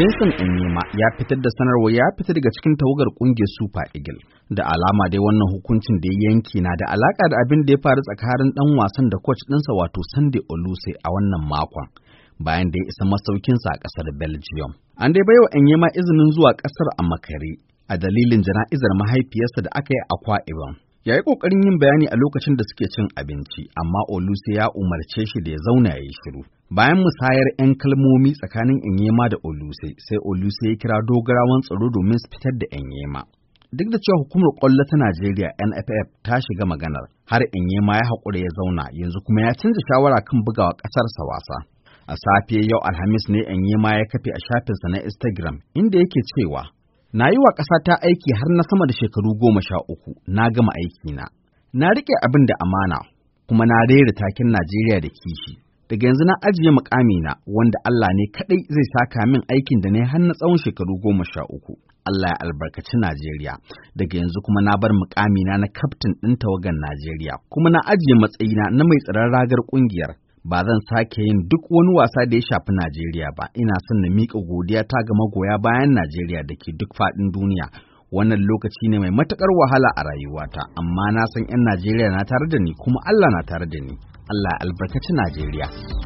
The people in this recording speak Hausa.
Vincent Onyema ya fitar da sanarwa ya fita daga cikin tawagar kungiyar Super Eagle. Da alama dai wannan hukuncin da ya yanki na da alaka da abin da ya faru tsakanin dan wasan da coach ɗinsa wato Sunday Oluse a wannan makon. Bayan da ya isa masaukin masaukinsa a ƙasar Belgium. An dai baiwa Onyema izinin zuwa ƙasar a makare a dalilin jana'izar mahaifiyarsa da aka yi a kwa'iban. ya yi ƙoƙarin yin bayani a lokacin da suke cin abinci, amma Oluse ya umarce shi da ya zauna ya yi shiru. Bayan musayar 'yan kalmomi tsakanin Enyema da Oluse, sai Oluse ya kira dogarawan tsaro domin su fitar da Enyema. Duk da cewa hukumar ƙwallo ta Najeriya NFF ta shiga maganar, har Enyema ya haƙura ya zauna, yanzu kuma ya canza shawara kan bugawa ƙasarsa wasa. A safe yau Alhamis ne Enyema ya kafe a shafinsa na Instagram, inda yake cewa Na yi wa ƙasa ta aiki har na sama da shekaru goma sha uku, na gama aikina. Na riƙe abin da amana, kuma na rera takin Najeriya da kishi. Daga yanzu na ajiye na wanda Allah ne kaɗai zai saka min aikin da na yi har na tsawon shekaru goma sha uku. Allah ya albarkaci Najeriya. Daga yanzu kuma na bar muƙamina na kaftin ɗin tawagan Najeriya, kuma na ajiye matsayina na mai tsaron ragar ƙungiyar. ba zan sake yin duk wani wasa da ya shafi Najeriya ba, ina son na miƙa godiya ta ga magoya bayan Najeriya da ke duk faɗin duniya. Wannan lokaci ne mai matuƙar wahala a rayuwata, amma na san 'yan Najeriya na tare da ni kuma Allah na tare da ni. Allah albarkaci Najeriya.